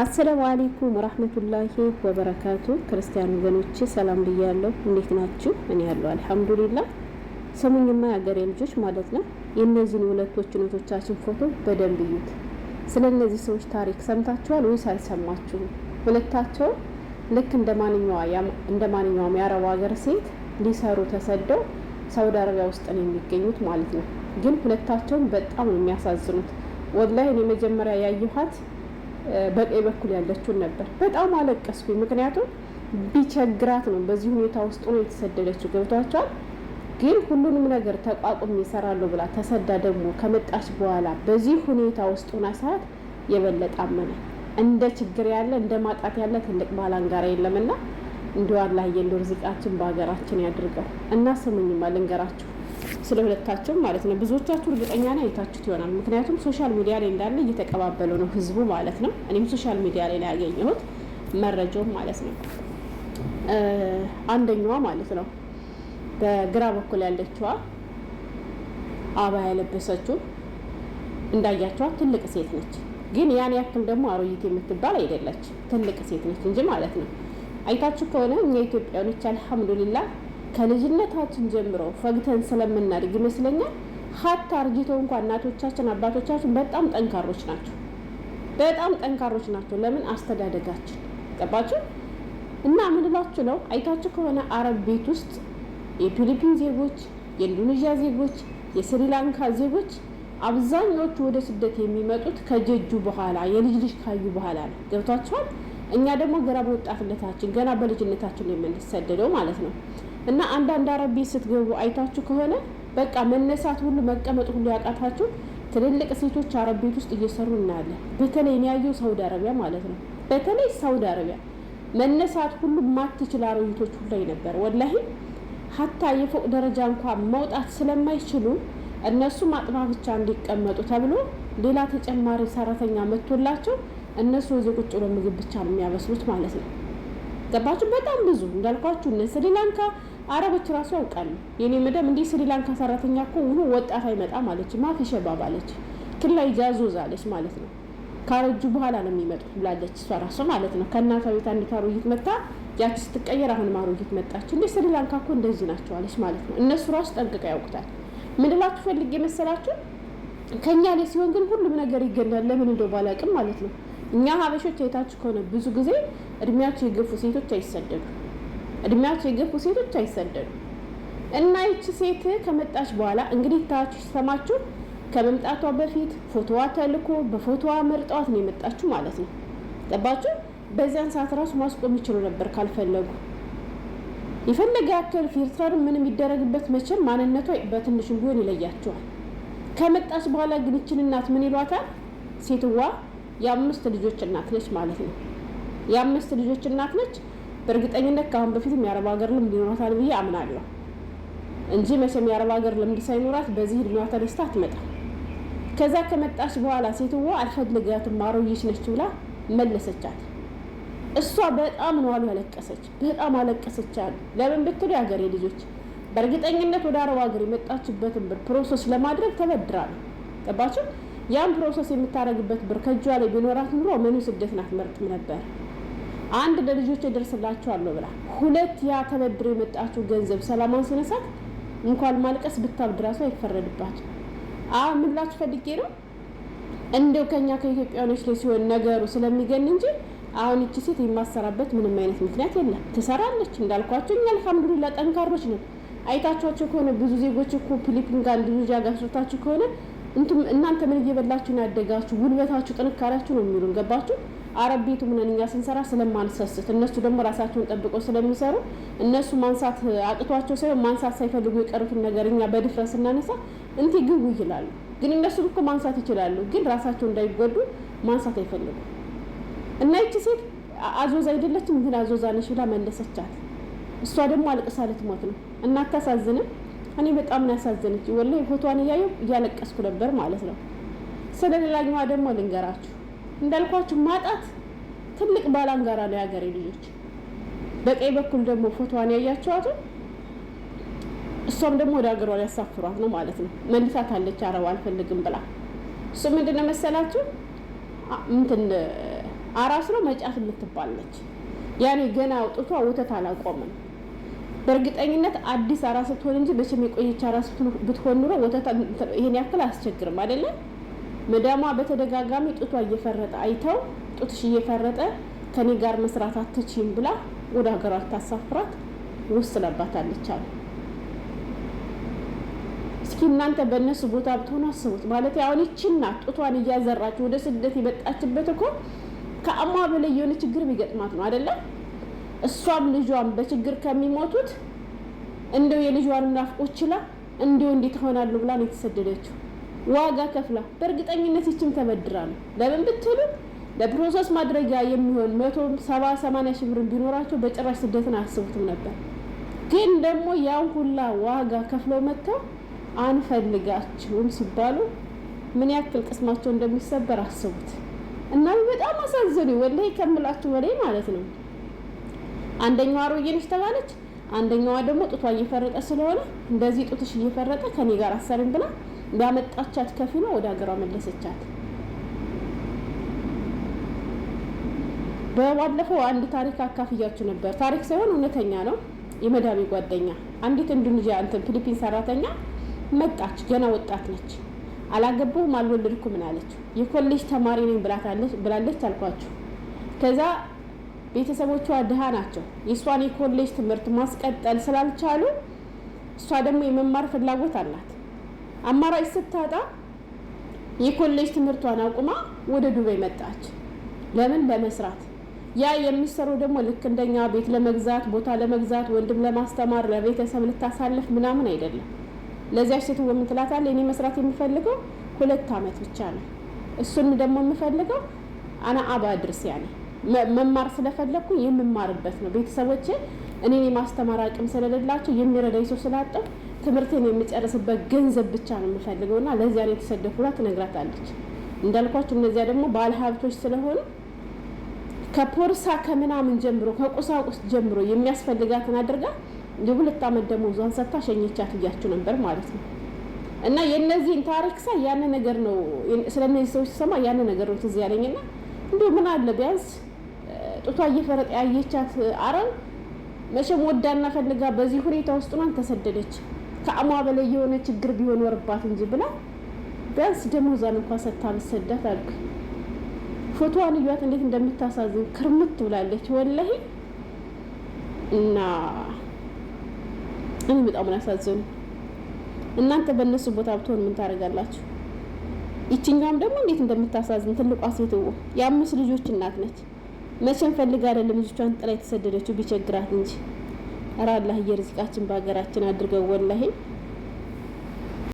አሰላሙ አሌይኩም ወራህመቱላሂ ወበረካቱ። ክርስቲያን ወገኖቼ ሰላም ብያለሁ። እንዴት ናችሁ? እኔ ያለሁ አልሐምዱሊላ። ሰሙኝማ የአገሬ ልጆች ማለት ነው። የእነዚህን ሁለቶች እህቶቻችን ፎቶ በደንብ እዩት። ስለ እነዚህ ሰዎች ታሪክ ሰምታችኋል ወይስ አልሰማችሁም? ሁለታቸው ልክ እንደ ማንኛውም የአረብ ሀገር ሴት ሊሰሩ ተሰደው ሳውዲ አረቢያ ውስጥ ነው የሚገኙት ማለት ነው። ግን ሁለታቸውን በጣም ነው የሚያሳዝኑት። ወላሂ እኔ መጀመሪያ ያየኋት በቀኝ በኩል ያለችውን ነበር። በጣም አለቀስኩኝ። ምክንያቱም ቢቸግራት ነው በዚህ ሁኔታ ውስጥ ነው የተሰደደችው። ገብቷቸዋል። ግን ሁሉንም ነገር ተቋቁም ይሰራለሁ ብላ ተሰዳ ደግሞ ከመጣች በኋላ በዚህ ሁኔታ ውስጥ ሆና ሰዓት የበለጠ አመነ። እንደ ችግር ያለ እንደ ማጣት ያለ ትልቅ ባላንጋራ የለምና እንዲዋላ የሉ ርዝቃችን በሀገራችን ያድርገው እና ስሙኝማ ልንገራችሁ ስለ ሁለታቸው ማለት ነው። ብዙዎቻችሁ እርግጠኛ ነኝ አይታችሁት ይሆናል። ምክንያቱም ሶሻል ሚዲያ ላይ እንዳለ እየተቀባበሉ ነው ህዝቡ ማለት ነው። እኔም ሶሻል ሚዲያ ላይ ያገኘሁት መረጃውም ማለት ነው። አንደኛዋ ማለት ነው በግራ በኩል ያለችዋ አባ ያለበሰችው እንዳያቸዋ ትልቅ ሴት ነች። ግን ያን ያክል ደግሞ አሮይት የምትባል አይደለች። ትልቅ ሴት ነች እንጂ ማለት ነው። አይታችሁ ከሆነ እኛ ኢትዮጵያኖች አልሐምዱሊላ ከልጅነታችን ጀምሮ ፈግተን ስለምናድግ ይመስለኛል ሀታ አርጊተው እንኳ እናቶቻችን አባቶቻችን በጣም ጠንካሮች ናቸው። በጣም ጠንካሮች ናቸው። ለምን አስተዳደጋችን ገባችሁ? እና ምንላችሁ ነው አይታችሁ ከሆነ አረብ ቤት ውስጥ የፊሊፒን ዜጎች፣ የኢንዶኔዥያ ዜጎች፣ የስሪላንካ ዜጎች አብዛኞቹ ወደ ስደት የሚመጡት ከጀጁ በኋላ የልጅ ልጅ ካዩ በኋላ ነው። ገብቷችኋል? እኛ ደግሞ ገና በወጣትነታችን ገና በልጅነታችን የምንሰደደው ማለት ነው። እና አንዳንድ አረብ ቤት ስትገቡ አይታችሁ ከሆነ በቃ መነሳት ሁሉ መቀመጥ ሁሉ ያቃታችሁ ትልልቅ ሴቶች አረብ ቤት ውስጥ እየሰሩ እናያለን። በተለይ እኔ ያየው ሳውዲ አረቢያ ማለት ነው። በተለይ ሳውዲ አረቢያ መነሳት ሁሉ ማትችል አረቢቶች ሁሉ ላይ ነበር። ወላሂ ሀታ የፎቅ ደረጃ እንኳን መውጣት ስለማይችሉ እነሱ ማጥባ ብቻ እንዲቀመጡ ተብሎ ሌላ ተጨማሪ ሰራተኛ መጥቶላቸው እነሱ እዚህ ቁጭ ብሎ ምግብ ብቻ ነው የሚያበስሉት ማለት ነው። ገባችሁ? በጣም ብዙ እንዳልኳችሁ እነ ስሪላንካ አረቦች ራሱ ያውቃሉ። የኔ መደም እንዲህ ስሪላንካ ሰራተኛ እኮ ውሎ ወጣት አይመጣም አለች። ማ ተሸባባለች ክላይ ጃዞዝ አለች ማለት ነው። ካረጁ በኋላ ነው የሚመጡት ብላለች እሷ ራሱ ማለት ነው። ከእናቷ ቤት አንዲት አሮጊት መታ፣ ያቺ ስትቀየር አሁንም አሮጊት መጣች። እንዴ ስሪላንካ እኮ እንደዚህ ናቸው አለች ማለት ነው። እነሱ ራሱ ጠንቅቀ ያውቁታል። ምንላችሁ ፈልግ የመሰላችሁ ከእኛ ላይ ሲሆን ግን ሁሉም ነገር ይገናል። ለምን እንደው ባላቅም ማለት ነው። እኛ ሀበሾች አይታችሁ ከሆነ ብዙ ጊዜ እድሜያቸው የገፉ ሴቶች አይሰደዱም። እድሜያቸው የገፉ ሴቶች አይሰደዱም። እና ይቺ ሴት ከመጣች በኋላ እንግዲህ ታች ሰማችሁ። ከመምጣቷ በፊት ፎቶዋ ተልኮ በፎቶዋ መርጠዋት ነው የመጣችሁ ማለት ነው። ጠባችሁ በዚያን ሰዓት ራሱ ማስቆም ይችሉ ነበር ካልፈለጉ። የፈለገ ያክል ፊልተር ምን የሚደረግበት መቼም ማንነቷ በትንሹም ቢሆን ይለያቸዋል። ከመጣች በኋላ ግን ይችን እናት ምን ይሏታል? ሴትዋ የአምስት ልጆች እናት ነች ማለት ነው። የአምስት ልጆች እናት ነች። በእርግጠኝነት ከአሁን በፊት የአረብ ሀገር ልምድ ይኖራታል ብዬ አምናለሁ እንጂ መቼም የአረብ ሀገር ልምድ ሳይኖራት በዚህ እድሜዋ ተደስታ አትመጣ። ከዛ ከመጣች በኋላ ሴትዋ አልፈልጋትም አሮጌች ነች ብላ መለሰቻት። እሷ በጣም ነዋሉ ያለቀሰች፣ በጣም አለቀሰች አሉ። ለምን ብትሉ የሀገሬ ልጆች በእርግጠኝነት ወደ አረብ ሀገር የመጣችበትን ብር ፕሮሰስ ለማድረግ ተበድራሉ። ገባችሁ? ያን ፕሮሰስ የምታደርግበት ብር ከእጇ ላይ ቢኖራት ኑሮ ምኑ ስደትን አትመርጥም ነበር። አንድ ለልጆች እደርስላችኋለሁ ብላ ሁለት ያ ተበድሮ የመጣችው ገንዘብ ሰላማን ሲነሳት እንኳን ማልቀስ ብታብድ ራሱ አይፈረድባቸው። አ ምላችሁ ፈልጌ ነው እንደው ከኛ ከኢትዮጵያኖች ላይ ሲሆን ነገሩ ስለሚገን እንጂ አሁን እቺ ሴት የማሰራበት ምንም አይነት ምክንያት የለም። ትሰራለች እንዳልኳቸው እኛ አልሐምዱሊላ ጠንካሮች ነው። አይታችኋቸው ከሆነ ብዙ ዜጎች እኮ ፊሊፒን ጋር እንዲዙ ጋር ከሆነ እናንተ ምን እየበላችሁ ያደጋችሁ ጉልበታችሁ ጥንካሬያችሁ ነው የሚሉን ገባችሁ አረብ ቤቱ ምንን እኛ ስንሰራ ስለማንሰስት እነሱ ደግሞ ራሳቸውን ጠብቀው ስለሚሰሩ እነሱ ማንሳት አቅቷቸው ሳይሆን ማንሳት ሳይፈልጉ የቀሩትን ነገር እኛ በድፍረት ስናነሳ እንቲ ግቡ ይላሉ። ግን እነሱ እኮ ማንሳት ይችላሉ፣ ግን ራሳቸው እንዳይጎዱ ማንሳት አይፈልጉ እና ይቺ ሴት አዞዝ አይደለችም፣ ግን አዞዛ ነሽ ብላ መለሰቻት። እሷ ደግሞ አልቅሳ ልትሞት ነው እና እኔ በጣም ነው ያሳዘነች። ወላሂ ፎቷን እያየሁ እያለቀስኩ ነበር ማለት ነው። ስለሌላኛዋ ደግሞ ልንገራችሁ እንዳልኳችሁ ማጣት ትልቅ ባላንጋራ ነው የሀገሬ ልጆች። በቀኝ በኩል ደግሞ ፎቶዋን ያያችኋት እሷም ደግሞ ወደ ሀገሯ ሊያሳፍሯት ነው ማለት ነው። መልሳት አለች አረብ አልፈልግም ብላ እሱ ምንድን ነው መሰላችሁ እንትን አራስ ነው መጫት የምትባለች ያኔ ገና አውጥቷ ወተት አላቆምም። በእርግጠኝነት አዲስ አራስ ብትሆን እንጂ መቼም የቆየች አራስ ብትሆን ኑሮ ወተት ይሄን ያክል አያስቸግርም አይደለም። መዳሟ በተደጋጋሚ ጡቷ እየፈረጠ አይተው ጡትሽ እየፈረጠ ከኔ ጋር መስራት አትችም ብላ ወደ ሀገሯ ታሳፍራት ወስናባታለች አሉ። እስኪ እናንተ በእነሱ ቦታ ብትሆኑ አስቡት። ማለት አሁን ይችና ጡቷን እያዘራች ወደ ስደት የመጣችበት እኮ ከአሟ በላይ የሆነ ችግር ቢገጥማት ነው አይደለም? እሷም ልጇን በችግር ከሚሞቱት እንደው የልጇን ናፍቆት ችላ እንደው እንዴት ሆናሉ ብላ ነው የተሰደደችው። ዋጋ ከፍላ በእርግጠኝነት ይችም ተበድራ ነው። ለምን ብትሉ ለፕሮሰስ ማድረጊያ የሚሆን መቶ ሰባ ሰማንያ ሺህ ብር ቢኖራቸው በጭራሽ ስደትን አያስቡትም ነበር። ግን ደግሞ ያን ሁላ ዋጋ ከፍለው መጥተው አንፈልጋችሁም ሲባሉ ምን ያክል ቅስማቸው እንደሚሰበር አስቡት። እና በጣም አሳዘኑ። ወላሂ ከምላችሁ በላይ ማለት ነው። አንደኛዋ ሮዬነች ተባለች፣ አንደኛዋ ደግሞ ጡቷ እየፈረጠ ስለሆነ እንደዚህ ጡትሽ እየፈረጠ ከኔ ጋር አሰርም ብላ ባመጣቻት ከፊሏ ወደ ሀገሯ መለሰቻት። በባለፈው አንድ ታሪክ አካፍያችሁ ነበር። ታሪክ ሳይሆን እውነተኛ ነው። የመዳሚ ጓደኛ አንዲት እንዱንያ እንትን ፊሊፒን ሰራተኛ መጣች። ገና ወጣት ነች። አላገባሁም አልወለድኩም ምናለች። የኮሌጅ ተማሪ ነኝ ብላለች አልኳችሁ። ከዛ ቤተሰቦቿ ድሃ ናቸው። የእሷን የኮሌጅ ትምህርት ማስቀጠል ስላልቻሉ እሷ ደግሞ የመማር ፍላጎት አላት። አማራጭ ስታጣ የኮሌጅ ትምህርቷን አቁማ ወደ ዱባይ መጣች። ለምን? ለመስራት። ያ የሚሰሩ ደግሞ ልክ እንደኛ ቤት ለመግዛት፣ ቦታ ለመግዛት፣ ወንድም ለማስተማር፣ ለቤተሰብ ልታሳልፍ ምናምን አይደለም። ለዚያች ሴት የምትላታል እኔ መስራት የምፈልገው ሁለት አመት ብቻ ነው። እሱን ደግሞ የምፈልገው አና አባ ድርስ ያለ መማር ስለፈለግኩ የምማርበት ነው። ቤተሰቦቼ እኔን የማስተማር አቅም ስለሌላቸው የሚረዳኝ ሰው ስላጠው ትምህርቴን የሚጨርስበት ገንዘብ ብቻ ነው የምፈልገው እና ለዚያ ነው የተሰደፍኩላ ትነግራታለች። እንዳልኳቸው እነዚያ ደግሞ ባለ ሀብቶች ስለሆኑ ከፖርሳ ከምናምን ጀምሮ ከቁሳቁስ ጀምሮ የሚያስፈልጋትን አድርጋ የሁለት ዓመት ደመወዟን ሰጥታ ሸኘቻት እያችሁ ነበር ማለት ነው። እና የእነዚህን ታሪክ ሳይ ያን ነገር ነው ስለ እነዚህ ሰዎች ሲሰማ ያን ነገር ነው ትዝ ያለኝና እንዲ ምን አለ ቢያንስ ጡቷ እየፈረጠ ያየቻት አረብ መቼም ወዳና ፈልጋ በዚህ ሁኔታ ውስጥ ናን ተሰደደች። ከአሟ በላይ የሆነ ችግር ቢሆን እንጂ ብላ ቢያንስ ደሞዟን እንኳን ሰታ ብትሰዳት አልኩ። ፎቶዋን እያት እንዴት እንደምታሳዝን ክርምት ብላለች ወላሂ እና እኔ በጣም ያሳዘኑ። እናንተ በእነሱ ቦታ ብትሆን ምን ታደርጋላችሁ? ይችኛውም ደግሞ እንዴት እንደምታሳዝን ትልቋ ሴትዮ የአምስት ልጆች እናት ነች። መቼም ፈልግ አይደለም ልጆቿን ጥላ የተሰደደችው ቢቸግራት እንጂ ኧረ አላህ የርዝቃችን በሀገራችን አድርገው ወላሄ